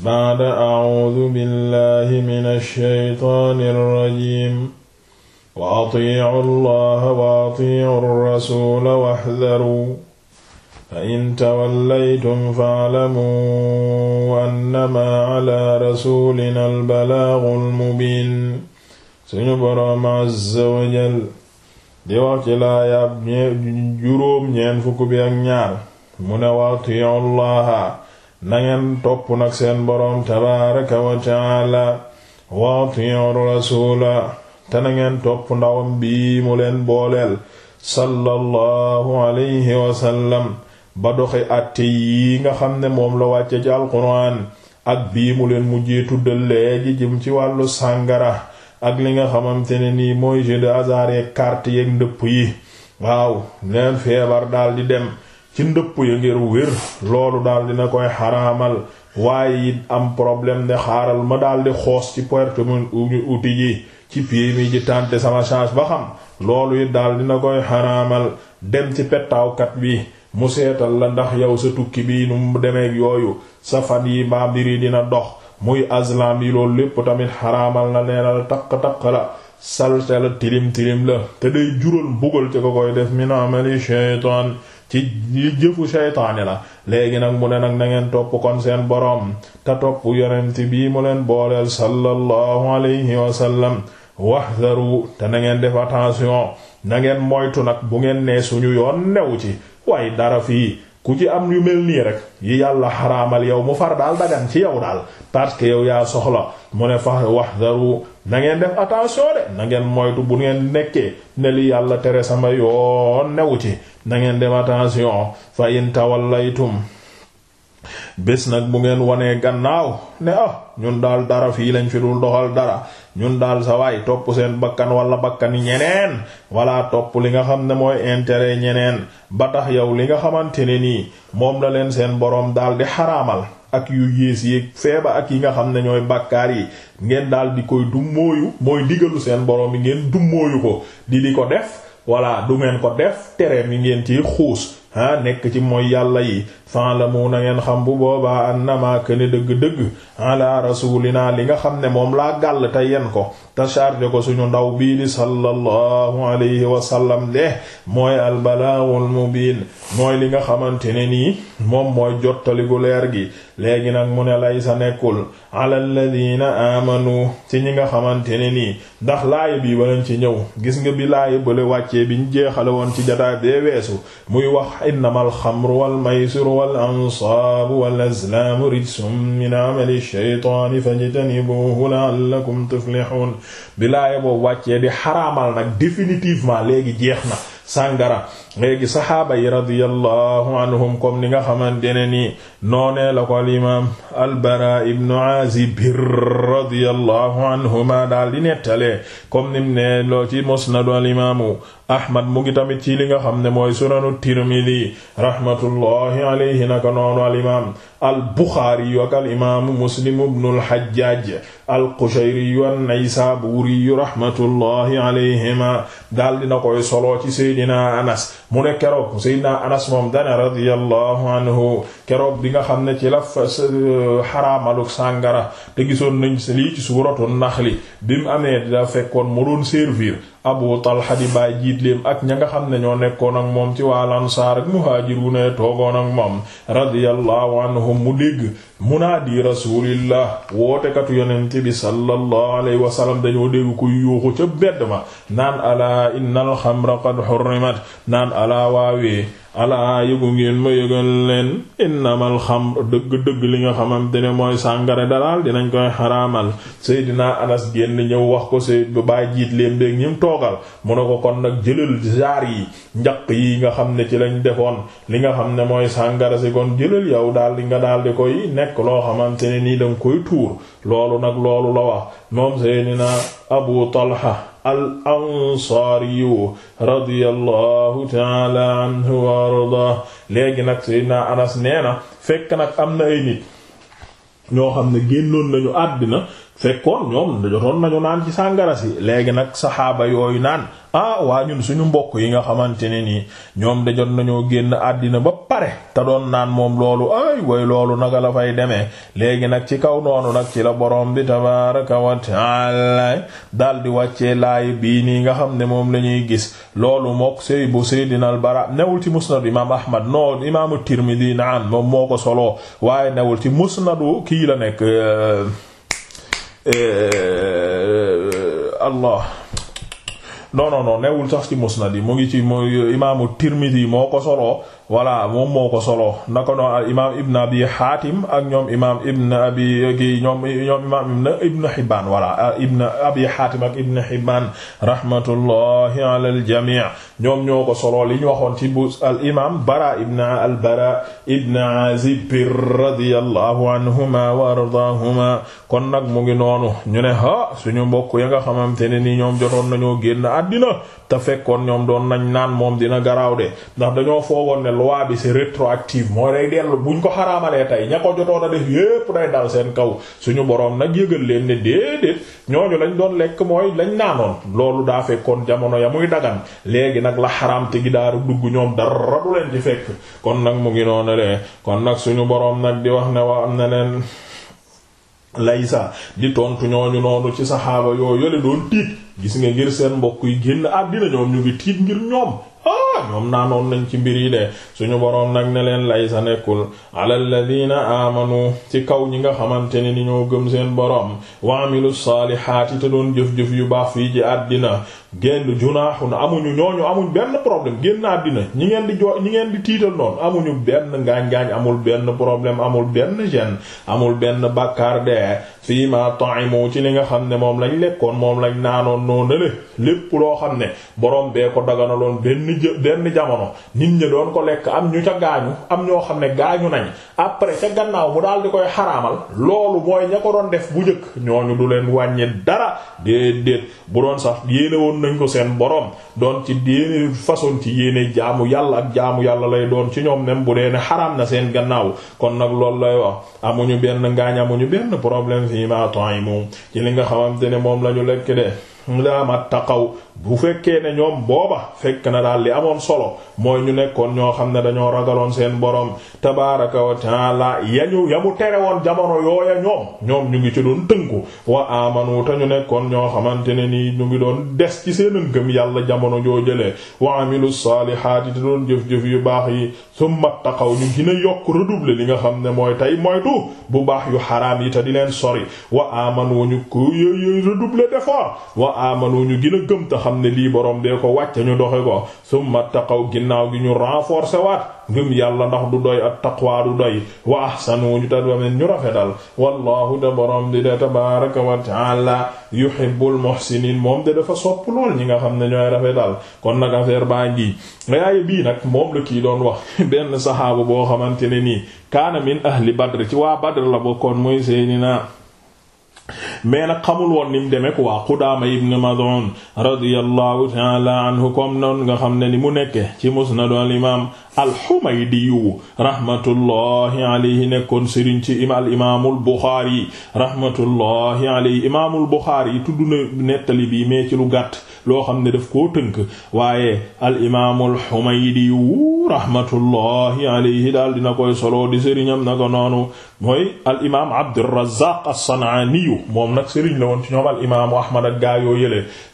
baada acuudu billahi min alsheytaani alrajim wa atiicu llaha wa atiicu alrasuula waxdaruu fa in tawallaytum faclamuu annamaa calaa rasuulina albalaagu almubiin suñu boroom azza wa jal di wax ci laayaab juróom ñeen fukk bi ak ñaar mu ne wa atiicu llaha nangeen topp nag seen boroom tabaaraka wa taala wa atii'u rasuula te nangeen topp ndawam bii mu leen booleel sallallahu alayhi wa sallam ba doxi àtte yi nga xam ne moom la wàcce ci alquraan ak bii mu leen mujjee tuddal léegi jëm ci wàllu sàngara ak li nga xamante ne nii mooy jeu de hasard yeeg ndëpp yi waaw leen feebar daal di dem ci ndëpp ya ngir wér loolu daal na koy xaraamal waaye it am problème ne xaaral ma daal di xoos ci puerto mu uti yi ci pied mi ji tànte sama change ba xam loolu it daal na koy xaramal dem ci pettaawkat bi mu seetal la ndax yow sa tukki bi nu mu demeek yooyu sa fan yi mbaa mbir yi dina dox muy aslam yi loolu lépp tamit xaraamal na nee na la la salte la tilim tilim la te day jural mbugal ci ko koy def min amali shaytaan ci jëfu seytaane la léegi nag mu ne nag na ngeen topp kon seen boroom te topp yonent bii mu leen booleel sallallahu alayhi wa wax wahdaru te na ngeen def attention na ngeen moytu nag bu ngeen nee suñu yoon new ci waaye dara fii ku ci am yu mel nii rek yi yàlla xaraamal yow mu far daal dagan ci yow daal parce que yow yaa soxla mu ne fa wahdaru na ngeen def attention de na moytu bu ngeen nekkee ne yàlla tere sama yoon newu ci na ngeen def attention fa in tawallaytum bés nag bu ngeen wanee gannaaw ne ah ñun daal dara fii lañ fi dul doxal dara ñun daal sa waay topp seen bakkan wala bakkani ñeneen walaa topp li nga xam ne mooy intere ñeneen ba tax yow li nga xamante ne nii moom la leen seen boroom daal di xaraamal ak yu yées yeeg feebar ak yi nga xam ne ñooy bàkkaar yi ngeen daal di koy dummóoyu mooy digalu seen borom bi ngeen dummóoyu ko di di ko def walla du ngeen ko def tere yi ngeen ci xuus nekk ci mooy yàlla yi faalamu na ngeen xam bu boobaa annama këne dëgg-dëgg ala rasulina li nga xam ne moom laa gàll te yen ko te chargé ko suñu ndaw bii di sallallahu alayhi wa sallam de mooy albalaghul mubin mooy li nga xamante ne nii moom mooy jottaliku leer gi léegi nag mu ne lay sa nekkul ala alladhina amanu ci ñi nga xamante ne nii ndax laaya bii banañ ci ñëw gis nga bi laaya bële wàccee biñ jeexale woon ci jataay bee weesu muy wax innamal xamru wal maysiru wal ansaabu wal azlaamu rijsun min amali shaytaani fajtanibuuhu la'allakum tuflihuun bi laaya boobu wàccee di xaraamal nag définitivement léegi jeex na sàngara léegi saxaaba yi radiyallahu anhum nga xamante ne nii al imaam al-Baraa ibnu Aazib radiyallahu anhuma daal di nettalee comme nim ne loo ci musnadu al imaamu Ahmad mu ngi tamit ci li nga xam ne mooy sunanu Tirmidi rahmatullahi alayhi naka noonu al imaam al-Buxaari al imaamu Muslim al-Hajjaaj al-Qushayri an-Naysaabuuri solo ci Seydina Anas mu ne keroog Seydina Anas moom dane radiyallahu anhu keroog bi nga xam ne ci la euh, xaraamaluk sàngara te gisoon nañ lii ci suuratu naxli bi mu amee da fekkoon mu doon servir abu talha di baay jiitleem ak ña nga xam ne ñoo nekkoon ak moom ci waa lansaar ak muhaajiruuna toogoon ak moom radiyallahu anhum mu dégg munaadi rasulillah wootekatu yonent bi sallallahu alayhi wa sallam dañoo dégg kuy yuuxu ca bedd ma naan alaa innal xamra qad hurrimat naan alaa waawee alaa yëgu ngeen ma yëgal leen innamal xam dëgg-dëgg li nga xamante ne mooy sàngara dalaal dinañ koy xaraamal Seydina Anas génn ñëw wax ko Seyd bu bàyyi jiit leen beeg ñim toogal mu ne ko kon nag jëlal jaar yi njaq yi nga xam ne ci lañ defoon li nga xam ne mooy sàngara si kon jëlal yow daal di nga daal di koy nekk loo xamante ne nii danga koy tuur loolu nag loolu la wax moom Seydina Abu Talha al ansaariyu radiyallahu taala anhu wa ardah léegi nag sayyidina anas nee na fekk nag am na ay nit ñoo xam ne génnoon nañu àddina fekkoon ñoom jotoon nañu naan ci sàngara si léegi nag saxaaba yooyu naan ah waa ñun suñu mbokk yi nga xamante ne nii ñoom de jot nañoo génn àddina ba pare te doon naan moom loolu ay way loolu naka la fay demee léegi nag ci kaw noonu nag ci la borom bi tabaraka wa taala daal wàccee laay bii nii nga xam ne moom la ñuy gis loolu moo sëy bu Seydina al Bara newul ci musnadu imaam Ahmad no imaamu Tirmidi naan moom moo ko solo waaye newul ci musnadu kii la nekk euh, Eh, allah non non non newul sax ci musnad yi mu ngi ci mooy imaamu Tirmidhi moo ko soloo voilà moom moo ko solo naka noonu al imaam Ibn Abi Hatim ak ñoom imaam Ibn Abi kii ñoom ñoom imaam Ibn Hibban voilà Ibn Abi Hatim ak Ibn Hibban rahmatullahi ala al jamii ñoom ñoo ko solo li ñu waxoon ci bu al imaam Bara Ibn al Bara Ibn Azib radiyallahu anhuma wa ardaahuma kon nag mu ngi noonu ñu ne ha suñu mbokk ya nga xamante ne ni ñoom jotoon nañoo génn àddina te fekkoon ñoom doon nañ naan moom dina garaaw de ndax dañoo foogoon ne loi bi c'est rétroactive moo day dellu buñ ko xaraamalee tey ña ko jotoon a def yépp day dal seen kaw suñu boroom nag yëgal leen ne déedéet ñooñu lañ doon lekk mooy lañ naanoon loolu daa fekkoon jamono ya muy dagan léegi nag la xaraamte gi daaru dugg ñoom dara du leen ci fekk kon nag mu ngi noonu lee kon nag suñu boroom nag di wax ne wa am na leen laysa di tontu ñooñu noonu ci saxaaba yoo yële doon tiit gis nga ngir seen mbokk yi génn àddina ñoom ñu ngi ñoom ñoom naanoon nañ ci mbir yi de suñu boroom nag ne leen lay sa nekkul ala alladina aamanu ci kaw ñi nga xamante ne ni ñoo gëm seen boroom wa amilu saalihaati te doon jëf-jëf yu baax fii ci àddina genn junaaxun amuñu ñooñu amuñ benn problème génn àddina ñi ngeen di jo ñi ngeen di tiital noonu amuñu benn ngaañ-ngaañ amul benn problème amul benn gêne amul benn bàkkaar de fii ma ta'imu ci li nga xam ne moom lañ lekkoon moom lañ naanoon noonu le lépp loo xam ne boroom bee ko daganaloon benn benn jamono nit ñi doon ko lekk am ñu ca gaañu am ñoo xam ne gaañu nañ après ca gannaaw mu daal di koy xaraamal loolu mooy ña ko doon def bu njëkk ñooñu du leen wàññi dara déedéet nañ ko seen boroom doon ci yéene façon ci yéene jaamu yàlla ak jaamu yàlla lay doon ci ñoom même bu dee ne xaraam na seen gannaaw kon nag loolu lay wax amuñu benn ngaañ amuñu benn problème fii ma temps yi moom ci li nga xamante ne moom la ñu lekk de laamat taqaw bu fekkee ne ñoom booba fekk na daal li amoon solo mooy ñu nekkoon ñoo xam ne dañoo ragaloon seen borom tabaraka wa taala yañu ya mu tere woon jamono yooya ñoom ñoom ñu ngi ci doon tënku wa wu te ñu nekkoon ñoo xamante ne nii ñu ngi doon des ci seen ngëm yàlla jamono joo jëlee wa amilu saalihaati te doon jëf-jëf yu baax yi summa taqaw ñu gën a yokk redoubler li nga xam ne mooy tey moytu bu baax yu xaraam yi te di leen sori wa wa amanu ñu gën a gëm te xam ne lii borom bee ko wàcce ñu doxe ko summa taqaw ginnaaw gi ñu renforcer waat ngëm yàlla ndax du doy at taqwa du doy wa ahsanu ñu ta wamen ñu rafetal wallahu da borom bi de tabaraka wa taala yuhibbul muhsinin moom de dafa sopp lool ñi nga xam ne ñooy rafetal kon nag affaire baa ngi raaye bii nag moom la kii doon wax benn saxaaba boo xamante ne nii kaana min ahli badr ci waa badr la bokkoon mooy seydina mais nag xamul woon ni mu demee ko waa Qudaama ibn Mad'un radiyallahu ta'ala anhu comme noonu nga xam ne ni mu nekke ci musnad al imam alxumaydiyu rahmatullahi alayhi nekkoon sëriñ ci al imaamul buxaari rahmatullahi alayhi imaamul buxaari tudd nettali bii mais ci lu gàtt loo xam ne daf koo tënk waaye al imaamul xumaydiyu rahmatullahi alayhi daal dina koy solo di sëriñam naka noonu mooy al imaam Abdurrazaaq as-Sanaaniyu moom nag sëriñ la woon ci ñoom al imaamu Ahmad ak gaa yoo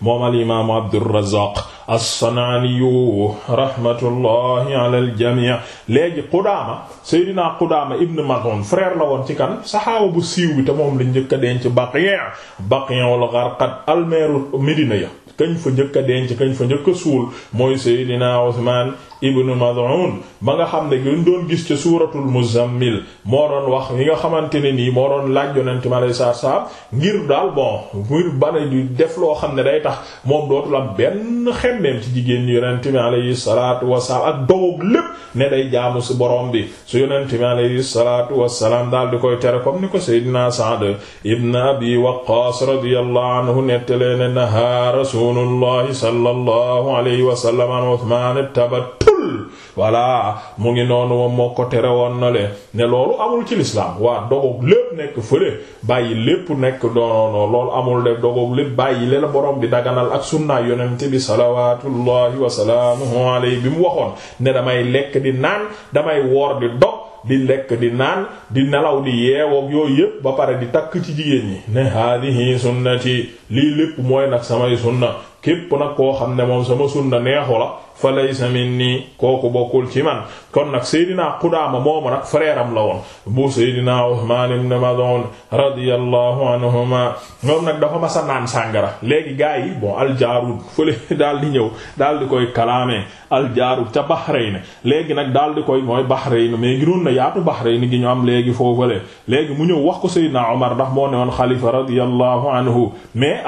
moom al imaamu Abdurrazaaq as-Sanaaniyu rahmatullahi ala al-jamii léegi Qudaama Seydina Qudaama ibn Maz'un frère la woon ci kan saxaaba bu siiw bi te moom lañ njëkk a denc Baqi' Baqi'ul Gharqad almeeru Medina ya kañ fa njëkk a denc kañ fa njëkk a suul mooy Seydina Usmaan ibnu Mad'un ba nga xam ne gën doon gis ca suuratu Muzammil moo doon wax yi nga xamante ne nii moo doon laaj yonent mi alayhi salaatu ngir daal bon ngir bana di def loo xam ne day tax moom dootul am benn xemmeem ci jigéen ñi yonent mi alayhi salaatu ak dogoog lépp ne day jaamu si borom bi su yonent mi alayhi salaatu wasalaam daal di koy tere comme ni ko Seydina Sa'd ibn Abi Waqqaas radiyallahu anhu nettalee ne nahaa rasuulullahi sallallahu alayhi wa sallam an Uthman tabat voilà mu ngi noonu moom moo ko tere woon na le ne loolu amul ci lislaam waa dogoog lépp nekk fële bàyyi lépp nekk non loolu amul de dogoog lépp bàyyi le la borom bi daganal ak sunna yonent bi salawatullahi wa salaamuhu alayhi bi mu waxoon ne damay lekk di naan damay woor di dog di lekk di naan di nelaw di yeewoog yooyu yépp ba pare di takk ci jigéen ñi ne haadihi sunnati lii lépp mooy nag samay sunna képp nag koo xam ne moom sama sunna neexu la fa laysa minni kooku bokkul ci man kon nag Seydina Qudaama moomu nag frère am la woon bu Seydina Uthman ibn Mad'un radiyallahu anhuma moom nag dafa mas a naan sàngara léegi gars yi bon aljaarud fële daal di ñëw daal di koy kalaame aljaarud ca Bahrayn léegi nag daal di koy mooy Bahrayn mais ginoon na yaatu Bahrayn gi ñu am léegi foofale léegi mu ñëw wax ko Seydina Omar ndax moo ne woon xalifa radiyallahu anhu mais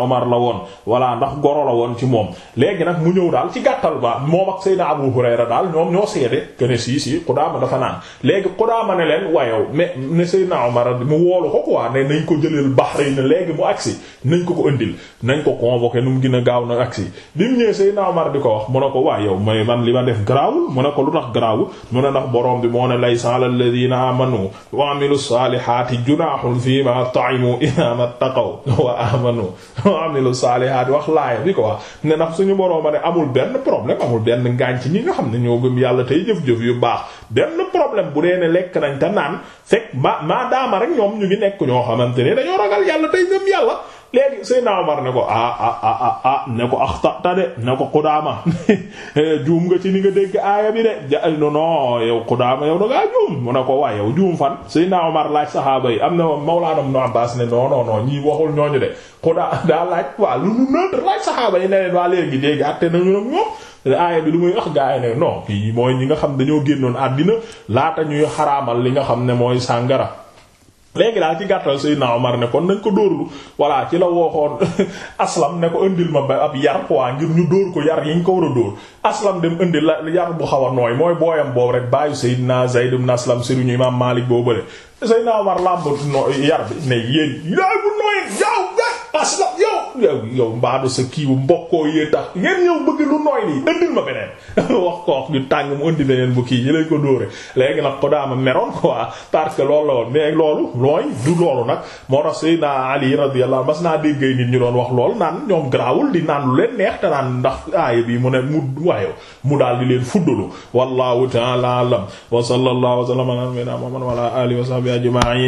Seydina Omar la woon voilà ndax goro la woon ci moom léegi nag mu ñëw daal ci gàttal ba moom ak Seydina Abu Hurayra daal ñoom ñoo seede que ne sii sii Qudaama dafa naan léegi Qudaama ne leen wayow mais ne Seydina Omar mu woolu ko quoi ne nañ ko jëleel Bahrayn ne léegi mu agsi nañ ko ko indil nañ ko convoqué nu mu gën a gaaw na agsi bi mu ñëwee Seydina Omar di ko wax mu ne ko waayow mooy man li ma def garaawul mu ne ko lu tax garaawul mu ne ndax borom bi moo ne laysa alal ladina amanu wa amilu salihati junahun fima ta'imu idha mattaqaw wa amanu amilu saalihaat wax laaya bi quoi ne ndax suñu borom a ne amul benn problème amul benn ngaañ ci ñi nga xam ne ñoo gëm yàlla tey jëf-jëf yu baax benn problème bu dee ne lekk nañ te naan fekk ma maa daama rek ñoom ñu ngi nekk ñoo xamante ne dañoo ragal yàlla tey gëm yàlla léegi Seydina Omar ne ko ah ah, ah ah ah ne ko axtata de ne ko Qudaama eh, juum nga ci ni nga dégg aaya bi de ja eh, non non yow Qudaama yow da ngaa juum mu ne ko waaye yow juum fan Seydina Omar laaj saxaaba yi am na Mawlaana Ibn Abbaas ne non non non ñii waxul ñooñu de Qudaa daa laaj waa lu nu nënd laaj saxaaba yi ne waa léegi dégg àtte nañu nag ñoom. aaya bi lu muy wax gaa yi ne non kii mooy ñi nga xam dañoo génnoon àddina laata ñuy xaraamal li nga xam ne mooy sàngara. léegi daal ci gàttal Seydina Omar ne kon nañ ko dóorlu voilà ci la wooxoon aslam ne ko indil ma ba ab yar waa ngir ñu dóor ko yar yi ñu ko war a dóor aslam dem indil la yar bu xaw a nooy mooy booyam boobu rek bàyyi Seydina Zayd ibn Aslam sëriñu imaam Maalik boobale Seydina Omar làmb no yar bi ne yéen yaay bu nooy jaaw asla yow yow yow mbaadu sa kiiwu mbokkoo yee tax ngeen ñëw bëgg lu nooy nii ëndil ma beneen wax ko wax ñu tàng mu ëndi beneen bu kii yi lañ ko dóore léegi nag ko daama meroon quoi parce que loolu la woon mais loolu looy du loolu nag moo tax Seydina Ali radiyallahu mas naa déggay nit ñu doon wax lool naan ñoom garaawul di naan lu leen neex te naan ndax aaya bi mu ne mu waayo mu daal di leen fuddalu wallahu ta'ala wa sallallahu wa sallama wa ala